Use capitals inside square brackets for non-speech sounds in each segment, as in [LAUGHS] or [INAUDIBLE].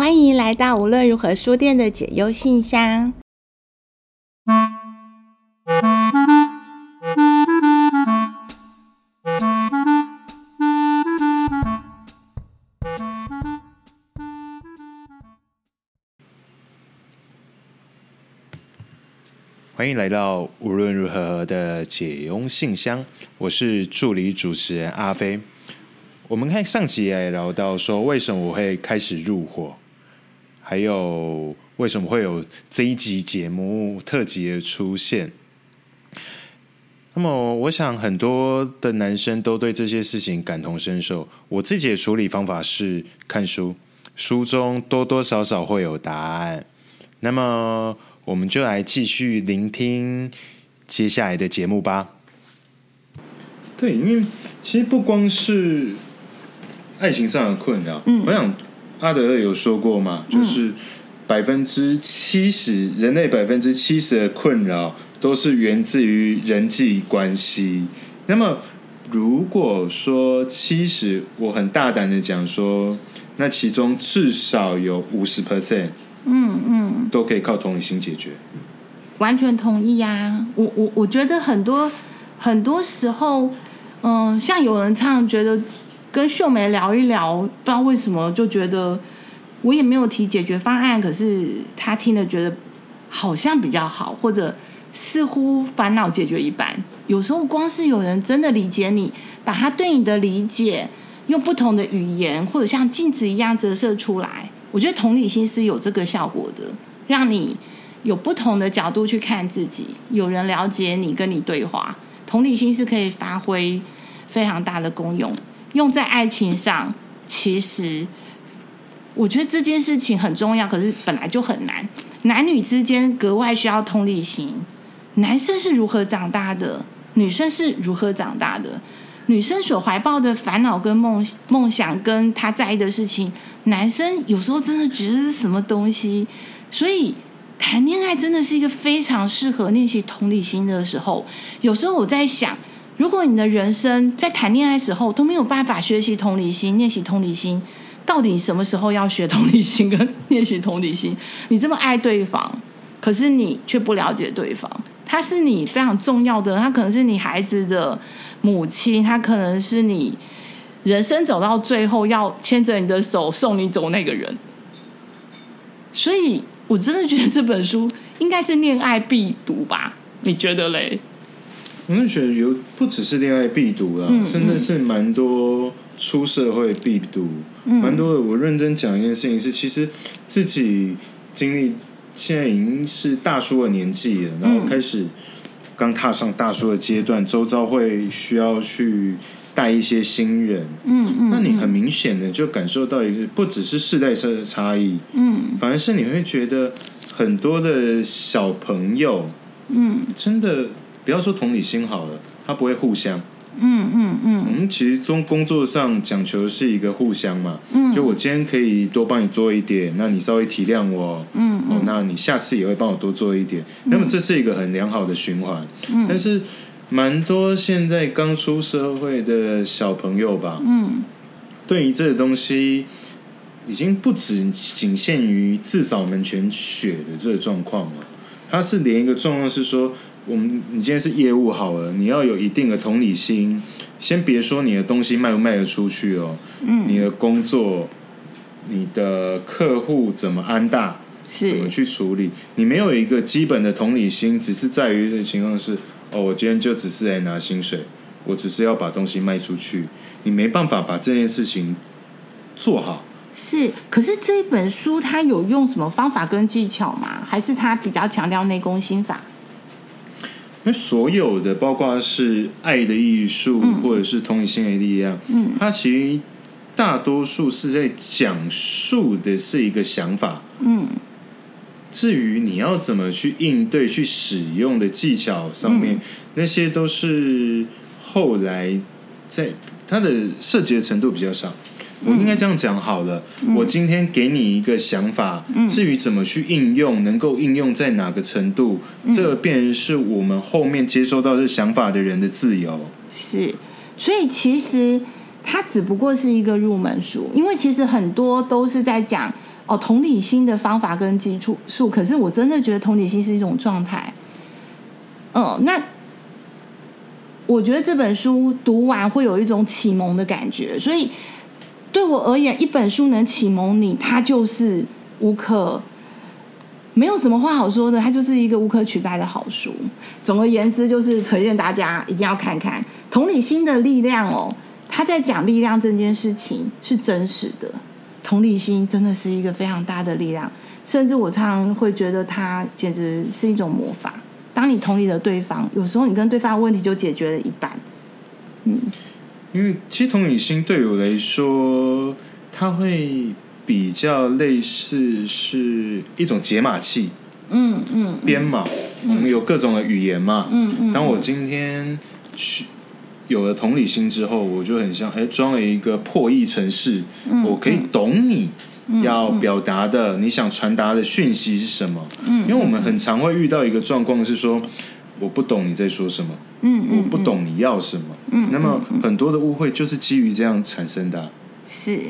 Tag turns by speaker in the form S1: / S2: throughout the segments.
S1: 歡迎來到無論如何書店的解憂信箱。
S2: 歡迎來到無論如何的解憂信箱，我是助理主持人阿飛。我們看上期也聊到說，為什麼我會開始入夥。還有為什麼會有這一集節目特輯的出現？那麼，我想很多的男生都對這些事情感同身受。我自己的處理方法是看書，書中多多少少會有答案。那麼，我們就來繼續聆聽接下來的節目吧。對，因為其實不光是愛情上的困擾，嗯，我想。阿德勒有說過嘛，就是百分之七十人類百分之七十的困擾都是源自於人際關係。那麼，如果說七十，我很大膽的講說，那其中至少有五十 percent，嗯嗯，都可以靠同理心解決、
S1: 嗯嗯。完全同意呀、啊，我我我覺得很多很多時候，嗯、呃，像有人唱覺得。跟秀眉聊一聊，不知道為什麼就覺得我也沒有提解決方案，可是她聽了覺得好像比較好，或者似乎煩惱解決一半。有時候光是有人真的理解你，把他對你的理解用不同的語言或者像鏡子一樣折射出來，我覺得同理心是有這個效果的，讓你有不同的角度去看自己。有人了解你，跟你對話，同理心是可以發揮非常大的功用。用在愛情上，其實我覺得這件事情很重要，可是本來就很難。男女之間格外需要同理心。男生是如何長大的？女生是如何長大的？女生所懷抱的煩惱跟夢夢想，跟她在意的事情，男生有時候真的覺得是什麼東西？所以談戀愛真的是一個非常適合練習同理心的時候。有時候我在想。如果你的人生在談戀愛時候都沒有辦法學習同理心，練習同理心，到底什麼時候要學同理心跟練習同理心？你這麼愛對方，可是你卻不了解對方，他是你非常重要的人，他可能是你孩子的母親，他可能是你人生走到最後要牽着你的手送你走那個人。所以，我真的覺得這本書應該是戀愛必讀吧？
S2: 你覺得嘞？我就覺得有，不只是戀愛必讀啦，真的是，嗯，蠻多出社會必讀、嗯，蠻多的。我認真講一件事情是，其實自己經歷現在已經是大叔的年紀了，嗯、然後開始剛踏上大叔的階段，周遭會需要去帶一些新人。嗯嗯，那你很明顯的就感受到一個不只是世代上的差異，嗯，反而是你會覺得很多的小朋友，嗯，真的。不要說同理心好了，他不會互相。
S3: 嗯嗯嗯，我們
S2: 其實從工作上，講求的是一個互相嘛。嗯，就我今天可以多幫你做一點，那你稍微體諒我。嗯，嗯，哦，那你下次也會幫我多做一點，嗯。那麼這是一個很良好的循環。嗯，但是蠻多現在剛出社會的小朋友吧。嗯，對於這個東西，已經不止僅限於至少門前雪的這個狀況了。他是連一個狀況是說，我們，你今天是業務好了，你要有一定的同理心。先別說你的東西賣不賣得出去哦，嗯，你的工作，你的客戶怎麼安大，是怎麼去處理？你沒有一個基本的同理心，只是在於這個的情況是，哦，我今天就只是來拿薪水，我只是要把東西賣出去，你沒辦法把這件事情做好。
S1: 是，可是這本書它有用什麼方法跟技巧嗎？還是它比較強調內功心法？
S2: 所有的，包括是愛的藝術、嗯，或者是同理心的力量，它其實大多數是在講述的是一個想法。嗯，至於你要怎麼去應對、去使用的技巧上面，嗯，那些都是後來在它的涉及的程度比較少。我應該這樣講好了、嗯。我今天給你一個想法，至於怎麼去應用，嗯、能夠應用在哪個程度，嗯、這便是我們後面接收到這想法的人的自由。
S1: 是，所以其實它只不過是一個入門書，因為其實很多都是在講哦，同理心的方法跟基礎術。可是我真的覺得同理心是一種狀態。嗯，那我覺得這本書讀完會有一種啟蒙的感覺，所以。對我而言，一本書能啟蒙你，它就是無可沒有什麼話好說的，它就是一個無可取代的好書。總而言之，就是推薦大家一定要看看《同理心的力量》哦。他在講力量這件事情是真實的，同理心真的是一個非常大的力量，甚至我常常會覺得它簡直是一種魔法。當你同理了對方，有時候你跟對方的問題就解決了一半。嗯。
S2: 因為其實同理心對我來說，它會比較類似是一種解碼器。嗯
S3: 嗯，編
S2: 碼，我、嗯、們有各種的語言嘛。嗯嗯，當我今天有了同理心之後，我就很像誒，裝了一個破譯程式。嗯、我可以懂你、嗯、要表達的、嗯嗯，你想傳達的訊息是什麼？嗯，因為我們很常會遇到一個狀況是說，我不懂你在說什麼。嗯，嗯，嗯，我不懂你要什麼。嗯，嗯，嗯，嗯，那麼很多的誤會就是基於這樣產生的啊。
S1: 是，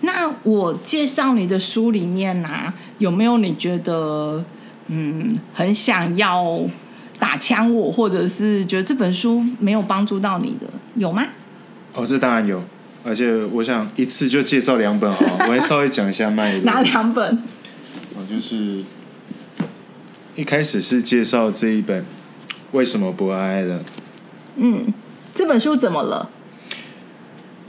S1: 那我介紹你的書裡面啊，有沒有你覺得嗯很想要打槍我，或者是覺得這本書沒有幫助到你的，有嗎？
S2: 哦，這當然有，而且我想一次就介紹兩本好， [LAUGHS] 我來稍微講一下賣。哪兩本？我就是一開始是介紹這一本。為什麼不愛了？嗯，這本書怎麼了？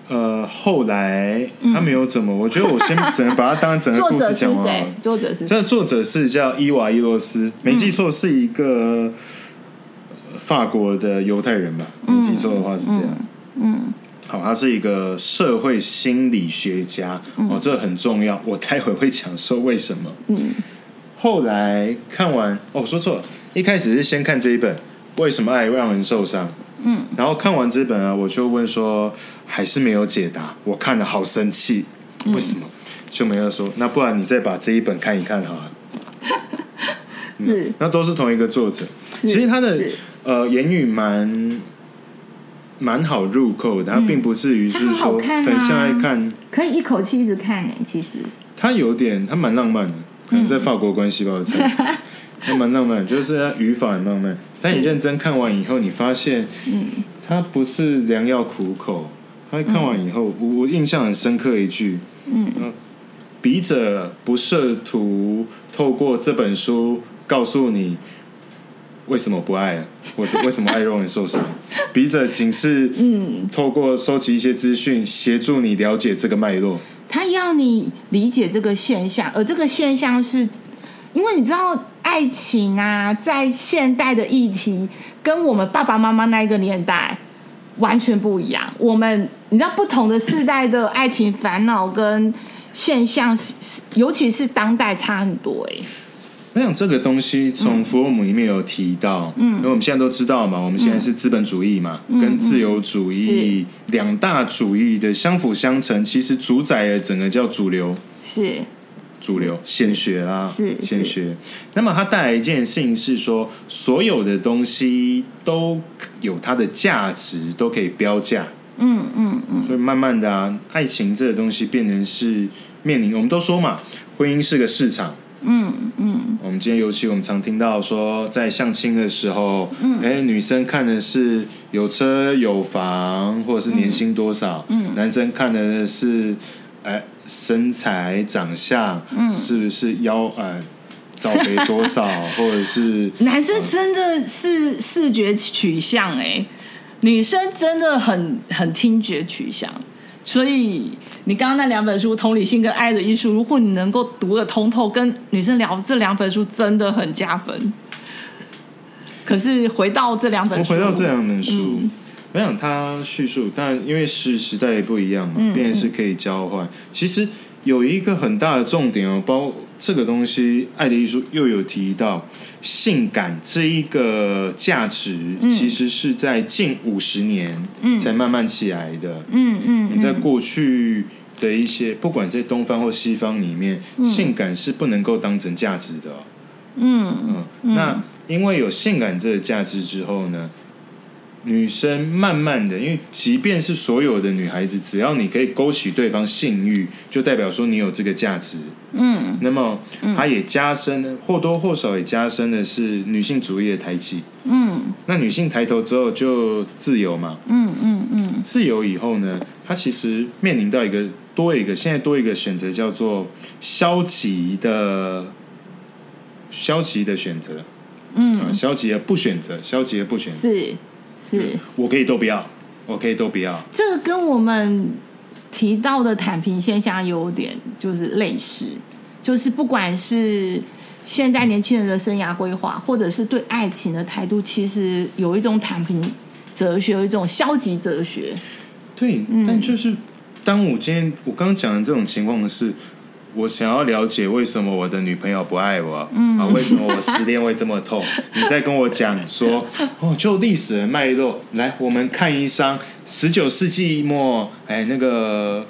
S2: 呃，後來他沒有怎麼、嗯，我覺得我先整個把它當整個故事講完了。作者是作者是這個、作者是叫伊娃易洛斯、嗯，沒記錯是一個法國的猶太人吧？沒記錯的話是這樣。嗯，嗯嗯，好，他是一個社會心理學家、嗯。哦，這很重要，我待會會講說為什麼。嗯，後來看完哦，說錯了，一開始是先看這一本。為什麼愛讓人受傷，嗯？然後看完這本啊，我就問說，還是沒有解答。我看了好生氣，為什麼？嗯，就沒有說，那不然你再把這一本看一看好了。是，那都是同一個作者。其實他的呃言語蠻蠻好入口的，嗯，他並不至於是說很像愛看，
S1: 可以一口氣一直看呢，啊？其實
S2: 他有點，他蠻浪漫的，可能在法國關係吧，才，嗯，他蠻浪漫的，就是他語法很浪漫。但你認真看完以後，你發現，嗯，它不是良藥苦口。嗯、它看完以後，我我印象很深刻一句，
S3: 嗯，呃、
S2: 筆者不試圖透過這本書告訴你為什麼不愛，或是為什麼愛容易受傷。 [LAUGHS] 筆者僅是，嗯，透過收集一些資訊，協助你了解這個脈絡。
S1: 他要你理解這個現象，而這個現象是因為你知道。愛情啊，在現代的議題跟我們爸爸媽媽那一個年代完全不一樣。我們你知道，不同的世代的愛情煩惱跟現象， [COUGHS] 尤其是當代差很多哎。
S2: 我想這個東西，從佛洛姆裡面有提到，嗯，因為我們現在都知道嘛，我們現在是資本主義嘛，嗯、跟自由主義兩大主義的相輔相成，其實主宰了整個叫主流是。主流顯學啦，是，是，是顯學。那麼它帶來一件事情，是說，所有的東西都有它的價值，都可以標價。嗯嗯
S3: 嗯。
S2: 所以慢慢的啊，愛情這個東西變成是面臨我們都說嘛，婚姻是個市場。嗯嗯，我們今天尤其我們常聽到說，在相親的時候，嗯，哎、欸，女生看的是有車有房或者是年薪多少，嗯，嗯，男生看的是，哎、欸。身材、長相，嗯、是不是腰呃，罩杯多少， [LAUGHS] 或者是
S1: 男生真的是視覺取向哎、呃，女生真的很很聽覺取向，所以你剛剛那兩本書《同理心》跟《愛的藝術》，如果你能夠讀得通透，跟女生聊這兩本書真的很加分。可是回到這兩本書，回到這兩本書。
S2: 我想他敘述，但因為時時代也不一樣嘛，變、嗯、是可以交換、嗯。其實有一個很大的重點哦，包括這個東西，愛的藝術又有提到，性感這一個價值，其實是在近五十年才慢慢起來的。嗯嗯，你在過去的一些，不管在東方或西方裡面，嗯、性感是不能夠當成價值的、哦。嗯嗯，嗯，那因為有性感這個價值之後呢，女生慢慢的，因為即便是所有的女孩子，只要你可以勾起對方性欲，就代表說你有這個價值。
S3: 嗯，那
S2: 麼它、嗯、也加深，或多或少也加深的是女性主義的抬起。
S3: 嗯，
S2: 那女性抬頭之後就自由嘛。嗯嗯嗯，自由以後呢，她其實面臨到一個多一個，現在多一個選擇叫做消極的消極的選擇。嗯，啊、消極而不選擇，消極而不選擇。是，我可以都不要，我可以都不要。
S1: 這個跟我們提到的躺平現象有點就是類似，就是不管是現在年輕人的生涯規劃，或者是對愛情的態度，其實有一種躺平哲學，有一種消極哲學。對，嗯，
S2: 但就是當我今天我剛剛講的這種情況的是。我想要了解為什麼我的女朋友不愛我、嗯、啊？為什麼我失戀會這麼痛？ [LAUGHS] 你在跟我講說哦，就歷史的脈絡，來，我們看一張十九世紀末，哎、欸，那個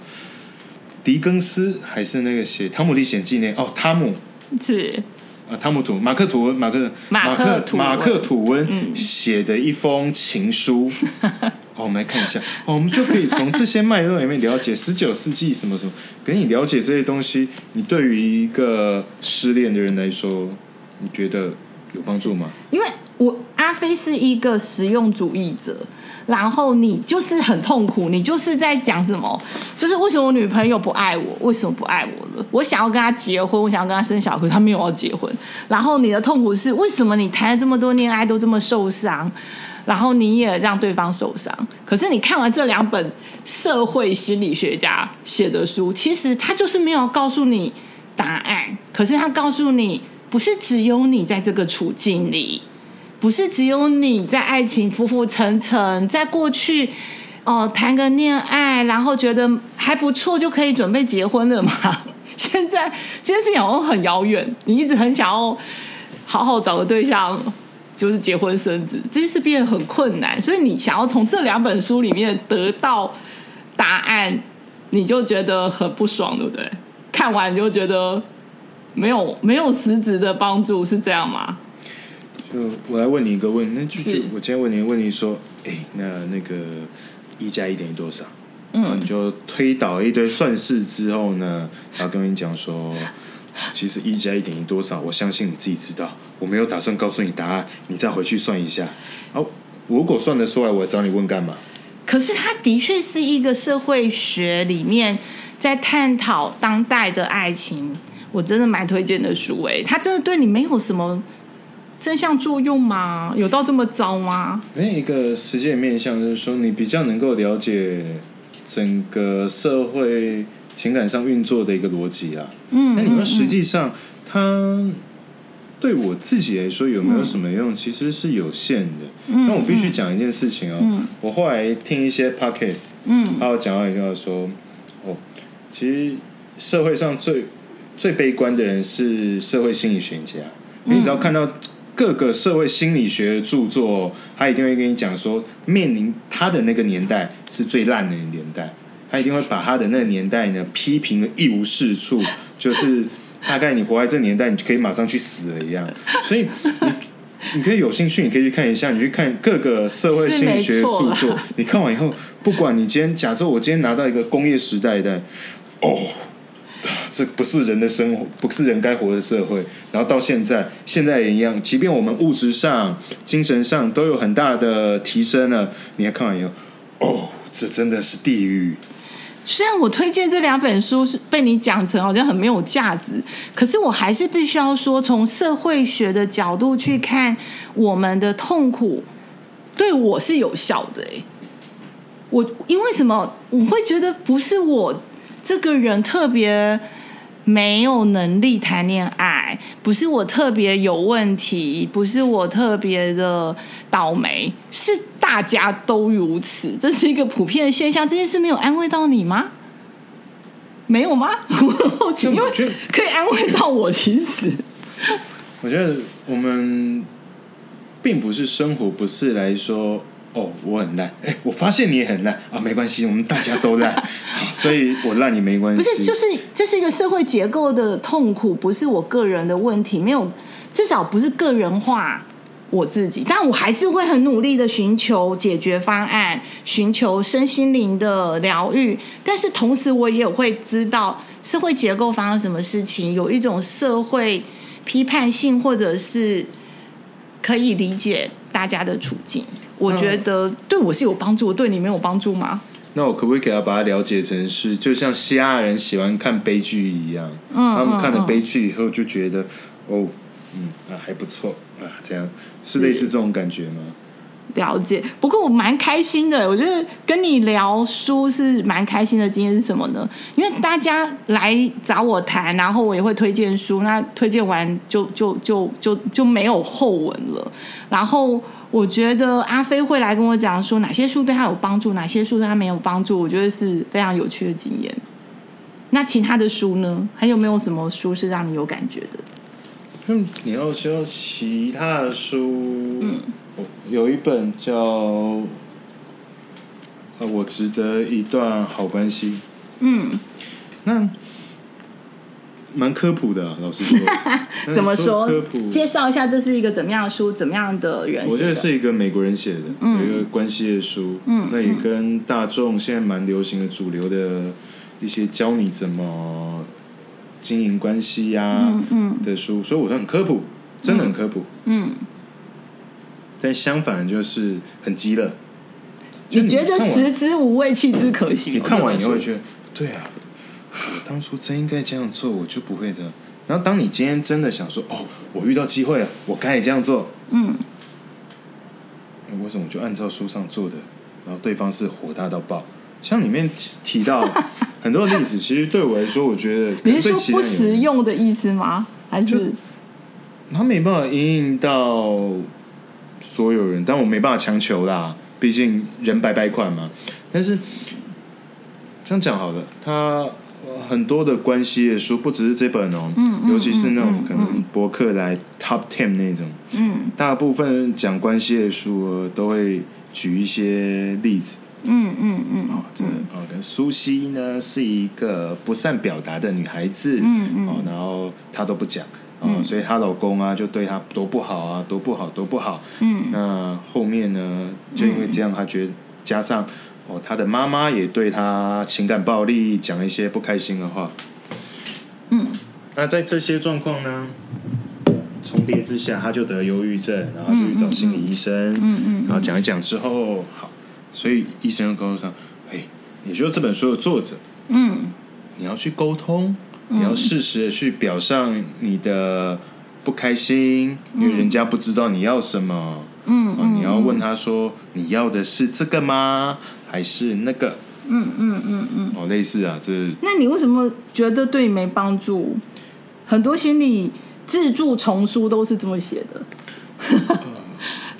S2: 狄更斯還是那個寫《湯姆歷險記》那哦，湯姆是啊，湯姆圖馬克吐溫，馬克馬克馬克吐溫、嗯、寫的一封情書。 [LAUGHS] 哦，我們來看一下。好，我們就可以從這些脈絡裡面了解十九世紀什麼什麼。給你了解這些東西，你對於一個失戀的人來說，你覺得有幫助嗎？
S1: 因為我阿飛是一個實用主義者，然後你就是很痛苦，你就是在講什麼？就是為什麼我女朋友不愛我？為什麼不愛我了？我想要跟她結婚，我想要跟她生小孩，她沒有要結婚。然後你的痛苦是為什麼？你談了這麼多戀愛都這麼受傷？然後你也讓對方受傷，可是你看完這兩本社會心理學家寫的書，其實他就是沒有告訴你答案，可是他告訴你，不是只有你在這個處境裡，不是只有你在愛情浮浮沉沉，在過去哦談個戀愛，然後覺得還不錯就可以準備結婚了嗎？現在這件事情很遙遠，你一直很想要好好找個對象。就是結婚生子，這些事變得很困難，所以你想要從這兩本書裡面得到答案，你就覺得很不爽，對不對？看完你就覺得沒有，沒有實質的幫助，是這樣嗎？
S2: 就我來問你一個問題，那就，就我今天問你問題說，誒，那那個一加一等於多少？嗯，你就推導一堆算式之後呢，然後跟你講說。 [LAUGHS] 其實一加一等於多少？我相信你自己知道。我沒有打算告訴你答案，你再回去算一下。哦，如果算得出來，我來找你問幹嘛？
S1: 可是它的確是一個社會學裡面在探討當代的愛情，我真的蠻推薦的書誒。它真的對你沒有什麼正向作用嗎？有到這麼糟嗎？
S2: 那一個世界面向就是說，你比較能夠了解整個社會。情感上運作的一個邏輯啊，那你們實際上，他對我自己來說有沒有什麼用？嗯、其實是有限的。那、嗯、我必須講一件事情哦，嗯、我後來聽一些 podcast 嗯，他有講到一句話說，哦，其實社會上最最悲觀的人是社會心理學家，你知道要、嗯、看到各個社會心理學的著作，他一定會跟你講說，面臨他的那個年代是最爛的那個年代。他一定會把他的那個年代呢批評的一無是處，就是大概你活在這個年代，你就可以馬上去死了一樣。所以你你可以有興趣，你可以去看一下，你去看各個社會心理學著作。你看完以後，不管你今天假設我今天拿到一個工業時代的哦，這不是人的生活，不是人該活的社會。然後到現在，現在也一樣，即便我們物質上、精神上都有很大的提升了，你看完以後，哦，這真的是地獄。
S1: 雖然我推薦這兩本書是被你講成好像很沒有價值，可是我還是必須要說，從社會學的角度去看我們的痛苦，對我是有效的。哎，我因為什麼？我會覺得不是我這個人特別。沒有能力談戀愛，不是我特別有問題，不是我特別的倒霉，是大家都如此，這是一個普遍的現象。這件事沒有安慰到你嗎？沒有嗎？我很好奇，因為可以安慰
S3: 到我。其實，
S2: 我覺得我們並不是生活不是來說。哦，我很爛。哎，我發現你也很爛啊，沒關係，我們大家都爛， [LAUGHS] 所以我爛你沒關係。不是，就是
S1: 這是一個社會結構的痛苦，不是我個人的問題，沒有，至少不是個人化我自己。但我還是會很努力的尋求解決方案，尋求身心靈的療癒。但是同時，我也會知道社會結構發生什麼事情，有一種社會批判性，或者是可以理解大家的處境。我覺得對我是有幫助，對你沒有幫助嗎？
S2: 那我可不可以給他把它了解成是，就像希臘人喜歡看悲劇一樣，嗯，他們看了悲劇以後就覺得，嗯、哦，嗯啊還不錯啊，這樣是類似這種感覺嗎？
S1: 了解。不過我蠻開心的，我覺得跟你聊書是蠻開心的經驗是什麼呢？因為大家來找我談，然後我也會推薦書，那推薦完就就就就就，就沒有後文了，然後。我覺得阿飛會來跟我講說哪些書對他有幫助，哪些書對他沒有幫助。我覺得是非常有趣的經驗。那其他的書呢？還有沒有什麼書是讓你有感覺的？
S2: 嗯，你要說其他的書，嗯，有一本叫呃，《我值得一段好關係》。嗯，那。蠻科普的，啊，老實說，說，怎麼說？科普，介
S1: 紹一下，這是一個怎麼樣的書，怎麼樣的原因。我覺
S2: 得是一個美國人寫的，嗯，有一個關係的書嗯。嗯，那也跟大眾現在蠻流行的主流的一些教你怎麼經營關係呀、啊，嗯，嗯的書，所以我說很科普，真的很科普。嗯，嗯，但相反就是很雞肋你，你覺得食
S1: 之無味，棄之可惜。
S2: 你看完你會覺得，對啊。當初真應該這樣做，我就不會這樣。然後，當你今天真的想說“哦，我遇到機會了，我該也這樣做”，嗯，為什麼就按照書上做的？然後對方是火大到爆，像裡面提到很多例子， [LAUGHS] 其實對我來說，我覺得，你是說不實
S1: 用的意思嗎？還是
S2: 他沒辦法因應到所有人，但我沒辦法強求啦，畢竟人百百款嘛。但是這樣講好了，他。很多的關係的書，不只是這本哦，嗯嗯、尤其是那種、嗯嗯嗯、可能博客來 Top Ten 那種，嗯，大部分講關係的書、啊、都會舉一些例子，嗯嗯嗯。哦，這 OK，蘇西呢是一個不善表達的女孩子，嗯嗯，哦，然後她都不講，哦，所以她老公啊就對她多不好啊，多不好，多不好，嗯，那後面呢就因為這樣，她、嗯、覺得加上。他的媽媽也對他情感暴力，講一些不開心的話。嗯，那在這些狀況呢重疊之下，他就得了憂鬱症，然後就去找心理醫生。嗯，嗯嗯，然後講一講之後，好，所以醫生又告訴他，欸，你也就是這本書的作者嗯，嗯，你要去溝通，
S3: 你要適
S2: 時的去表上你的不開心，嗯，因為人家不知道你要什麼。嗯，
S3: 嗯，嗯，你要問
S2: 他說，你要的是這個嗎？還是那個，嗯嗯嗯嗯，哦，類似啊，這。
S1: 那你為什麼覺得對你沒幫助？很多心理自助叢書都是這麼寫的。呃、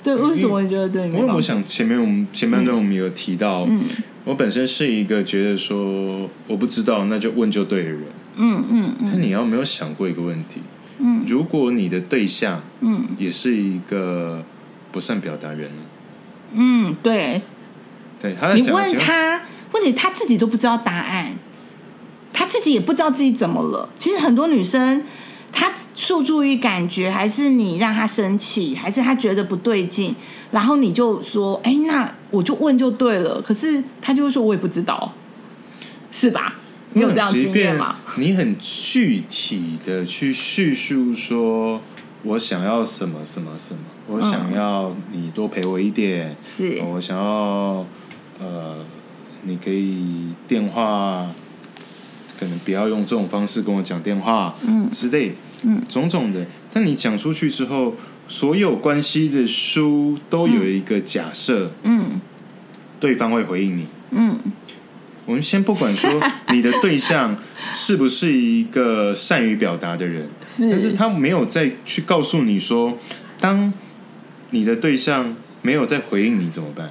S1: [LAUGHS] 對為，為什麼你覺得對你沒？因為我
S2: 想前面我們前半段我們有提到，嗯，我本身是一個覺得說我不知道，那就問就對的人，嗯
S3: 嗯，那、嗯、你
S2: 要有沒有想過一個問題，嗯，如果你的對象，嗯，也是一個不善表達人呢，嗯，
S1: 對。
S2: 你問他，
S1: 或者他自己都不知道答案，他自己也不知道自己怎麼了。其實很多女生，她受注於感覺，還是你讓她生氣，還是她覺得不對勁，然後你就說：“哎，那我就問就對了。”可是她就會說：“我也不知道，是吧？”沒有這樣的經驗嘛。
S2: 你很具體的去敘述說，我想要什麼什麼什麼，我想要你多陪我一點，嗯、是。我想要。呃，你可以電話，可能不要用這種方式跟我講電話，嗯，之類，嗯，種種的，嗯。但你講出去之後，所有關係的書都有一個假設，嗯，對方會回應你，嗯。我們先不管說你的對象是不是一個善於表達的人，嗯，但是他沒有再去告訴你說，當你的對象沒有再回應你怎麼辦？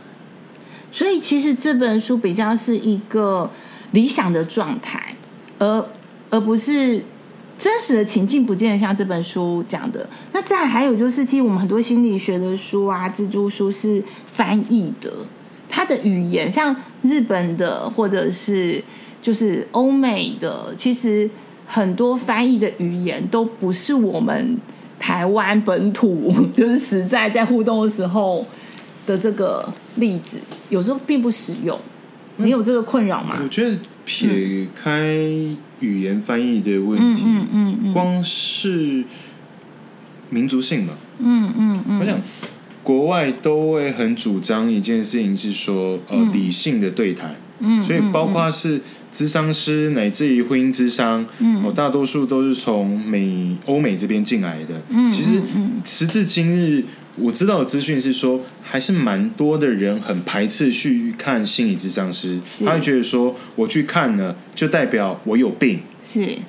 S1: 所以其實這本書比較是一個理想的狀態，而而不是真實的情境，不見得像這本書講的。那再還有就是，其實我們很多心理學的書啊、自助書是翻譯的，它的語言像日本的或者是就是歐美的，其實很多翻譯的語言都不是我們台灣本土，就是實在在互動的時候，的這個例子有時候並不實用，嗯、你有這個困擾嗎？我
S2: 覺得撇開語言翻譯的問題，嗯嗯，嗯，嗯光是民族性嘛，嗯嗯嗯，
S3: 嗯，我想。
S2: 國外都會很主張一件事情，是說、嗯，呃，理性的對談。嗯，所以包括是諮商師、嗯，乃至於婚姻諮商，嗯，我、哦、大多數都是從美、歐美這邊進來的。嗯，其實，嗯，時至今日，我知道的資訊是說，還是蠻多的人很排斥去看心理諮商師，他會覺得說，我去看了就代表我有病。是。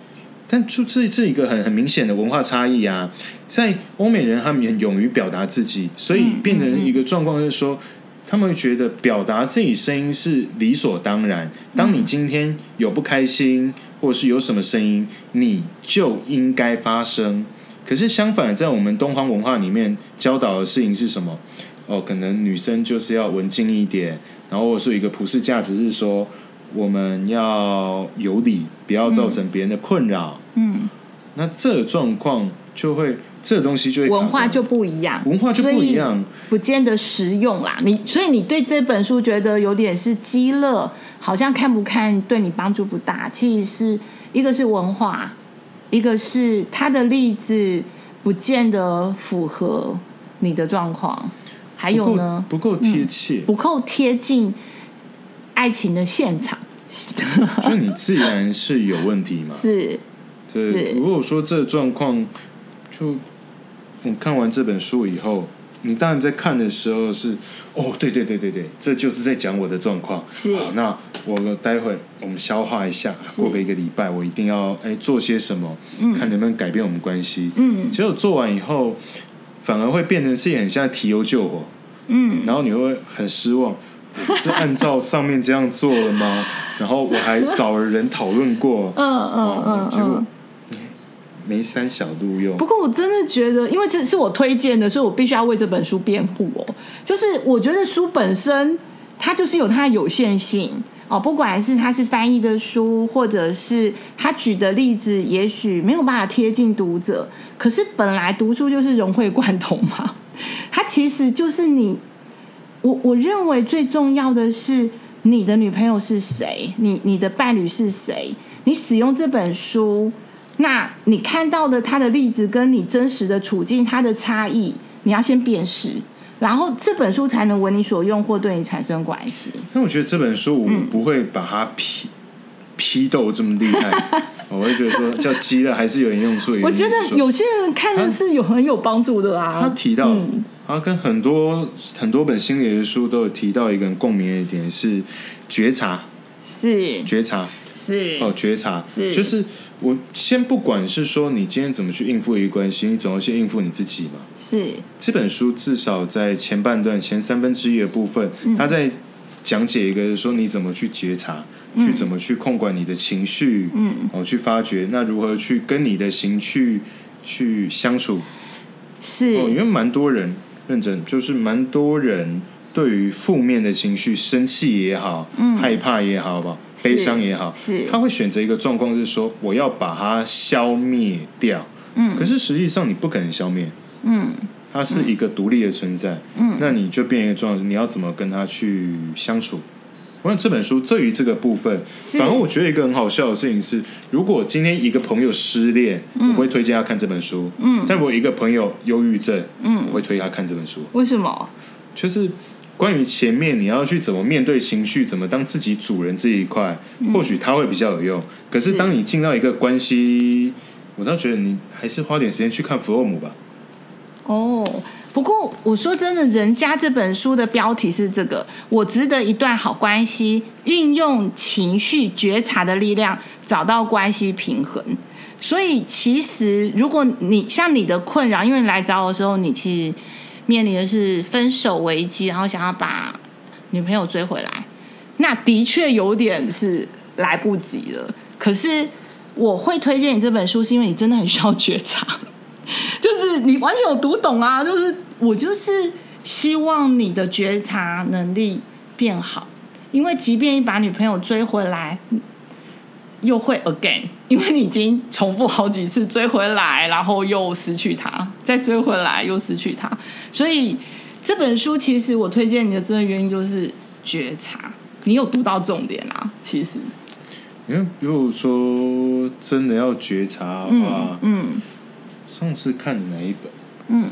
S2: 但這這是一個很很明顯的文化差異啊，在歐美人他們也很勇於表達自己，所以變成一個狀況，就是說他們覺得表達自己聲音是理所當然。當你今天有不開心，或者是有什麼聲音，你就應該發聲。可是相反的，在我們東方文化裡面教導的事情是什麼？哦，可能女生就是要文靜一點，然後是一個普世價值是說。我們要有理，不要造成別人的困擾，嗯。嗯，那這狀況就會，這個東西就會文
S1: 化就不一樣，文化就不一樣，不見得實用啦。你所以你對這本書覺得有點是雞肋，好像看不看對你幫助不大。其實是一個是文化，一個是它的例子不見得符合你的狀況，還有呢，不夠貼切，嗯，不夠貼近。愛情的現場，
S2: 所 [LAUGHS] 以你自然是有問題嘛？
S1: 是，
S2: 對是。如果說這狀況，就你看完這本書以後，你當然在看的時候是，哦，對對對對對，這就是在講我的狀況。是好，那我待會我們消化一下，過個一個禮拜，我一定要哎、欸、做些什麼，看能不能改變我們關係。嗯，結果做完以後，反而會變成是也很像提油救火。嗯，然後你會很失望。 [LAUGHS] 是按照上面這樣做的嗎？ [LAUGHS] 然後我還找人討論過，嗯嗯嗯，就、嗯、沒、嗯嗯嗯嗯嗯、三小路用。不
S1: 過我真的覺得，因為這是我推薦的，所以我必須要為這本書辯護哦。就是我覺得書本身它就是有它的有限性哦，不管是它是翻譯的書，或者是他舉的例子，也許沒有辦法貼近讀者。可是本來讀書就是融會貫通嘛，它其實就是你。我我認為最重要的是你的女朋友是誰，你你的伴侶是誰，你使用這本書，那你看到的他的例子跟你真實的處境，他的差異，你要先辨識，然後這本書才能為你所用或對你產生關係。
S2: 那我覺得這本書我們不會把它、嗯批鬥這麼厲害， [LAUGHS] 我會覺得說叫批了還是有點用處。 [LAUGHS] 我覺得有
S1: 些人看的是有很有幫助的啊。他提
S2: 到，他、嗯、跟很多很多本心理學書都有提到，一個共鳴的一點是覺察，是覺察，
S1: 是哦是
S2: 覺察，是就是我先不管是說你今天怎麼去應付一個關係，你總要先應付你自己嘛。
S1: 是
S2: 這本書至少在前半段前三分之一的部分，嗯、它在。講解一個說你怎麼去覺察、嗯，去怎麼去控管你的情緒，嗯，哦，去發掘那如何去跟你的情緒去相處，是哦，因為蠻多人認真，就是蠻多人對於負面的情緒，生氣也好，嗯、害怕也好，好不好？悲傷也好是，是，他會選擇一個狀況，就是說我要把它消滅掉，嗯，可是實際上你不可能消滅，嗯。嗯它是一個獨立的存在，嗯，嗯，那你就變成一個狀態，你要怎麼跟他去相處？我想這本書對於這個部分，反而我覺得一個很好笑的事情是，如果今天一個朋友失戀，嗯，我不會推薦他看這本書，嗯，但我一個朋友憂鬱症，嗯，我會推薦他看這本書，為什麼？就是關於前面你要去怎麼面對情緒，怎麼當自己主人這一塊，或許他會比較有用。嗯，可是當你進到一個關係，我倒覺得你還是花點時間去看弗洛姆吧。
S1: 哦，不過我說真的，人家這本書的標題是這個：我值得一段好關係，運用情緒覺察的力量找到關係平衡。所以其實，如果你像你的困擾，因為你來找我的時候，你其實面臨的是分手危機，然後想要把女朋友追回來，那的確有點是來不及了。可是我會推薦你這本書，是因為你真的很需要覺察。就是你完全有讀懂啊！就是我就是希望你的覺察能力變好，因為即便你把女朋友追回來，又會 again，因為你已經重複好幾次追回來，然後又失去她，再追回來又失去她。所以這本書其實我推薦你的真的原因就是覺察，你有讀到重點啊！
S2: 其實，因為如果說真的要覺察的話啊，嗯。嗯上次看哪一本？
S1: 嗯，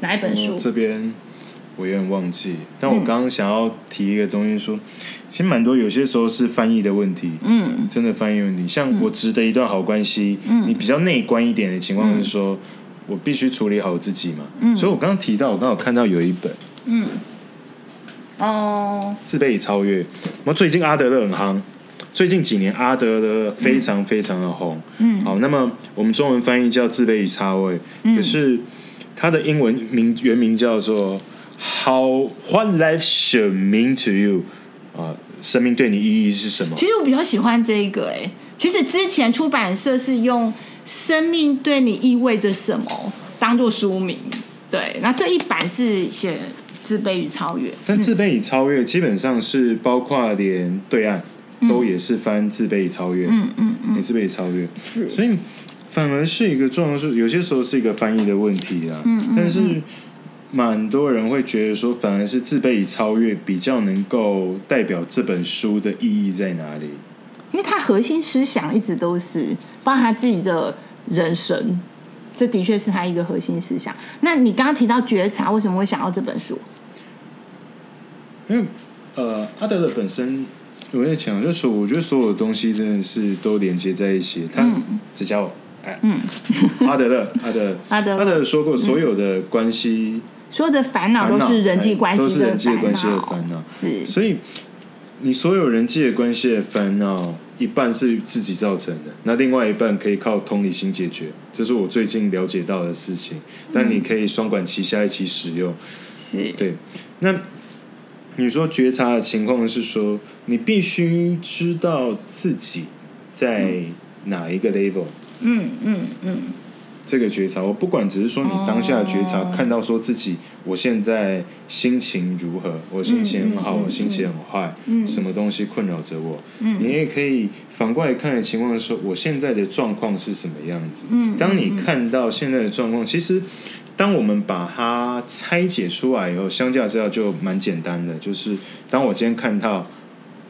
S1: 哪一本書？這
S2: 邊我有點忘記，但我剛剛想要提一個東西說，說、嗯、其實蠻多有些時候是翻譯的問題，嗯，真的翻譯問題。像我值得一段好關係，嗯，你比較內觀一點的情況是說、嗯，我必須處理好我自己嘛，嗯、所以我剛剛提到，我剛好看到有一本，嗯，
S3: 哦，
S2: 自卑與超越，我最近阿德勒很夯。最近幾年，阿德勒非常非常的紅。嗯，好，那麼我們中文翻譯叫《自卑與超越》，嗯，可是他的英文名原名叫做《How What Life Should Mean to You》，呃，啊，生命對你意義是什麼？其實
S1: 我比較喜歡這一個誒、欸。其實之前出版社是用“生命對你意味着什麼”當做書名，對。那這一版是寫《自卑與超越》，
S2: 嗯，但《自卑與超越》基本上是包括連對岸。都也是翻自卑與超越，嗯嗯嗯，也是被超越，是，所以反而是一個重要的，有些時候是一個翻譯的問題啦，嗯，嗯，但是蠻多人會覺得說，反而是自卑與超越比較能夠代表這本書的意義在哪裡。因
S1: 為他核心思想一直都是包含自己的人生，這的確是他一個核心思想。那你剛剛提到覺察，為什麼會想到這本書？因
S2: 為呃，阿德勒本身。我也講，就是我覺得所有的東西真的是都連接在一起。他這家伙，哎，阿德勒，阿、啊、德，阿、啊、德，阿、啊、德、啊啊、說過，嗯，所有的關係，
S1: 所有的煩惱都是人際關係，都是人際關係的煩
S2: 惱。哎、是，煩惱是，所以你所有人際的關係的煩惱，一半是自己造成的，那另外一半可以靠同理心解決。這是我最近了解到的事情，但你可以雙管齊下一起使用。是、嗯，對，那。你說覺察的情況是說，你必須知道自己在哪一個 level。嗯嗯，嗯。這個覺察，我不管，只是說你當下的覺察、哦，看到說自己我現在心情如何，我心情很好，嗯嗯嗯嗯、我心情很壞、嗯，什麼東西困擾着我、嗯。你也可以反過來看的情況是說，我現在的狀況是什麼樣子。嗯嗯嗯、當你看到現在的狀況，其實。當我們把它拆解出來以後，相較之後就蠻簡單的。就是當我今天看到，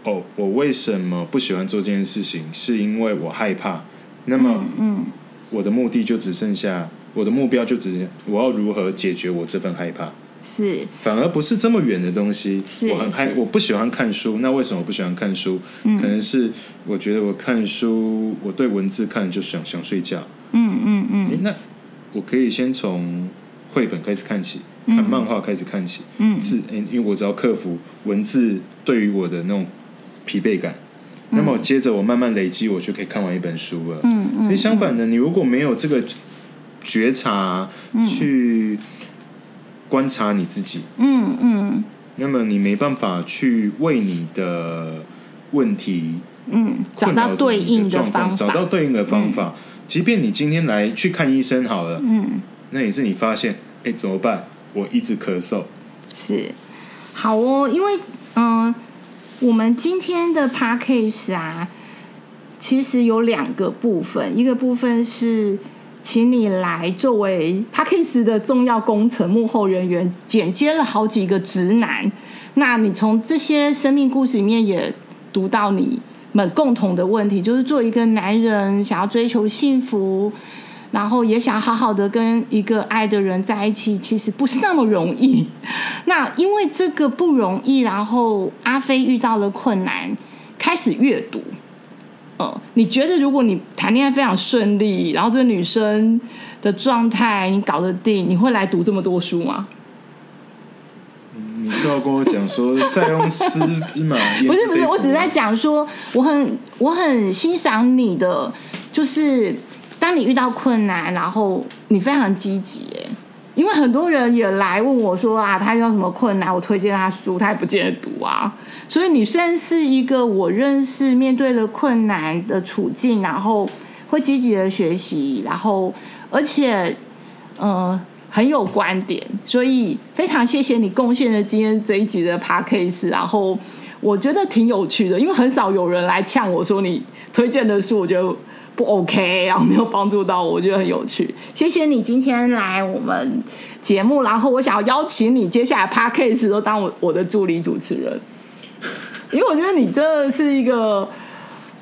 S2: 哦，我為什麼不喜歡做這件事情？是因為我害怕。那麼嗯，嗯，我的目的就只剩下，我的目標就只我要如何解決我這份害怕？是，反而不是這麼遠的東西。是我很害，我不喜歡看書。那為什麼我不喜歡看書？嗯、可能是我覺得我看書，我對文字看就想想睡覺。嗯嗯嗯。那我可以先從。繪本開始看起，看漫畫開始看起，字，嗯，因為我只要克服文字對於我的那種疲憊感，嗯，那麼接着我慢慢累積，我就可以看完一本書了。嗯嗯。那相反的，嗯，你如果沒有這個覺察，去觀察你自己，嗯
S3: 嗯，
S2: 嗯，那麼你沒辦法去為你的問題嗯，嗯，
S3: 找到對應的方法，找到對應的方法。
S2: 即便你今天來去看醫生好了，嗯。那也是你發現，哎、欸，怎麼辦？我一直咳嗽。是，
S1: 好哦，因為嗯，我們今天的 podcast 啊，其實有兩個部分，一個部分是請你來作為 podcast 的重要工程幕後人員，剪接了好幾個直男。那你從這些生命故事裡面也讀到你們共同的問題，就是做一個男人想要追求幸福。然後也想好好的跟一個愛的人在一起，其實不是那麼容易。那因為這個不容易，然後阿飛遇到了困難，開始閱讀。哦、嗯，你覺得如果你談戀愛非常順利，然後這個女生的狀態你搞得定，你會來讀這麼多書嗎？嗯、
S2: 你是要跟我講說塞翁失馬？不是不是，我只是
S1: 在講說，我很我很欣賞你的，就是。當你遇到困難，然後你非常積極，因為很多人也來問我說啊，他遇到什麼困難，我推薦他書，他也不見得讀啊。所以你算是一個我認識，面對了困難的處境，然後會積極的學習，然後而且嗯很有觀點，所以非常謝謝你貢獻了今天這一集的 Podcast，然後我覺得挺有趣的，因為很少有人來嗆我說你推薦的書，我覺得。不 OK，然、啊、後沒有幫助到我，我覺得很有趣。謝謝你今天來我們節目，然後我想要邀請你接下來 Podcast 都當我我的助理主持人， [LAUGHS] 因為我覺得你真的是一個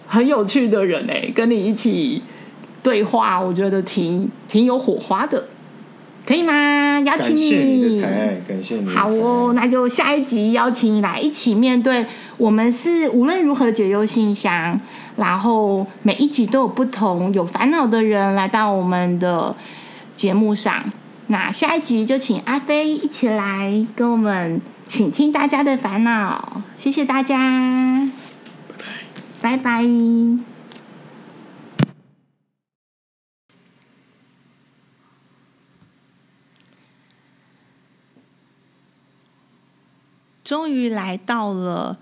S1: 很有趣的人哎，、欸，跟你一起對話，我覺得挺挺有火花的，可以嗎？邀請你，哎，感謝你，
S2: 好
S1: 哦，那就下一集邀請你來一起面對，我們是無論如河解憂信箱。然後每一集都有不同有煩惱的人來到我們的節目上。那下一集就請阿飛一起來跟我們傾聽大家的煩惱。謝謝大家，拜拜，拜拜。終於來到了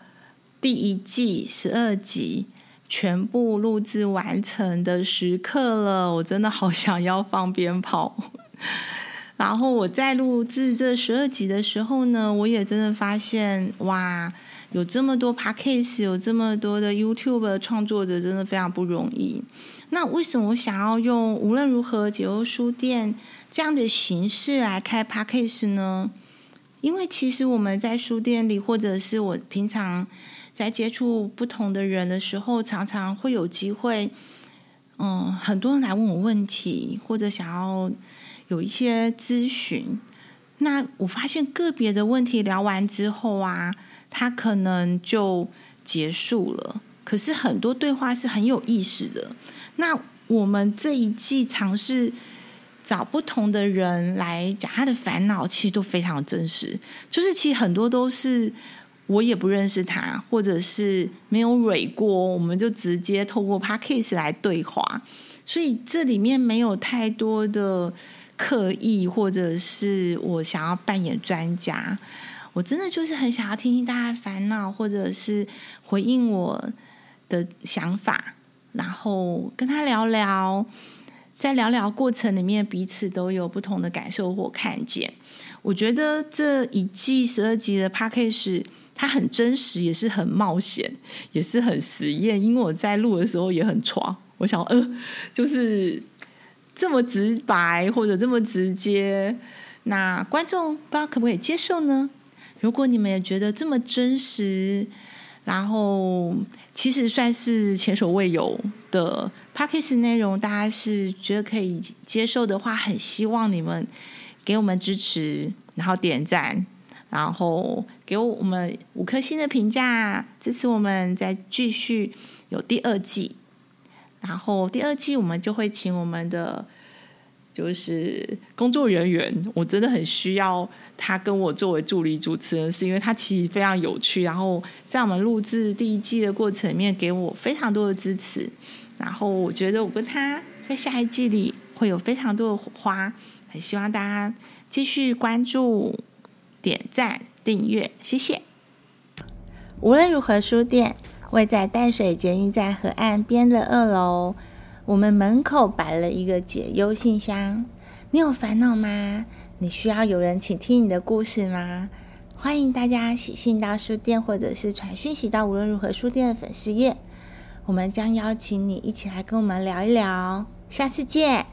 S1: 第一季十二集。全部錄製完成的時刻了，我真的好想要放鞭炮。 [LAUGHS] 然後我在錄製這十二集的時候呢，我也真的發現，哇，有這麼多 Podcast，有這麼多的 YouTube 的創作者，真的非常不容易。那為什麼我想要用無論如河解憂書店這樣的形式來開 Podcast 呢？因為其實我們在書店裡，或者是我平常。在接觸不同的人的時候，常常會有機會，嗯，很多人來問我問題，或者想要有一些諮詢。那我發現個別的問題聊完之後啊，他可能就結束了。可是很多對話是很有意思的。那我們這一季嘗試找不同的人來講他的煩惱，其實都非常的真實。就是其實很多都是。我也不認識他，或者是沒有蕊過，我們就直接透過 Podcast 來對話，所以這裡面沒有太多的刻意，或者是我想要扮演專家，我真的就是很想要聽聽大家煩惱，或者是回應我的想法，然後跟他聊聊，在聊聊過程裡面彼此都有不同的感受或看見。我覺得這一季十二集的 Podcast 它很真實，也是很冒險，也是很實驗。因為我在錄的時候也很闖。我想，呃，就是這麼直白或者這麼直接，那觀眾不知道可不可以接受呢？如果你們也覺得這麼真實，然後其實算是前所未有的 package 內容，大家是覺得可以接受的話，很希望你們給我們支持，然後點贊。然後給我我們五顆星的評價，支持我們再繼續有第二季。然後第二季我們就會請我們的就是工作人員，我真的很需要他跟我作為助理主持人，是因為他其實非常有趣。然後在我們錄制第一季的過程裡面，給我非常多的支持。然後我覺得我跟他在下一季裡會有非常多的火花，很希望大家繼續關注。點贊訂閱，謝謝。無論如河書店位在淡水捷運站河岸邊的二樓，我們門口擺了一個解憂信箱。你有煩惱嗎？你需要有人傾聽你的故事嗎？歡迎大家寫信到書店，或者是傳訊息到無論如河書店的粉絲頁，
S3: 我們將邀請你一起來跟我們聊一聊。下次見。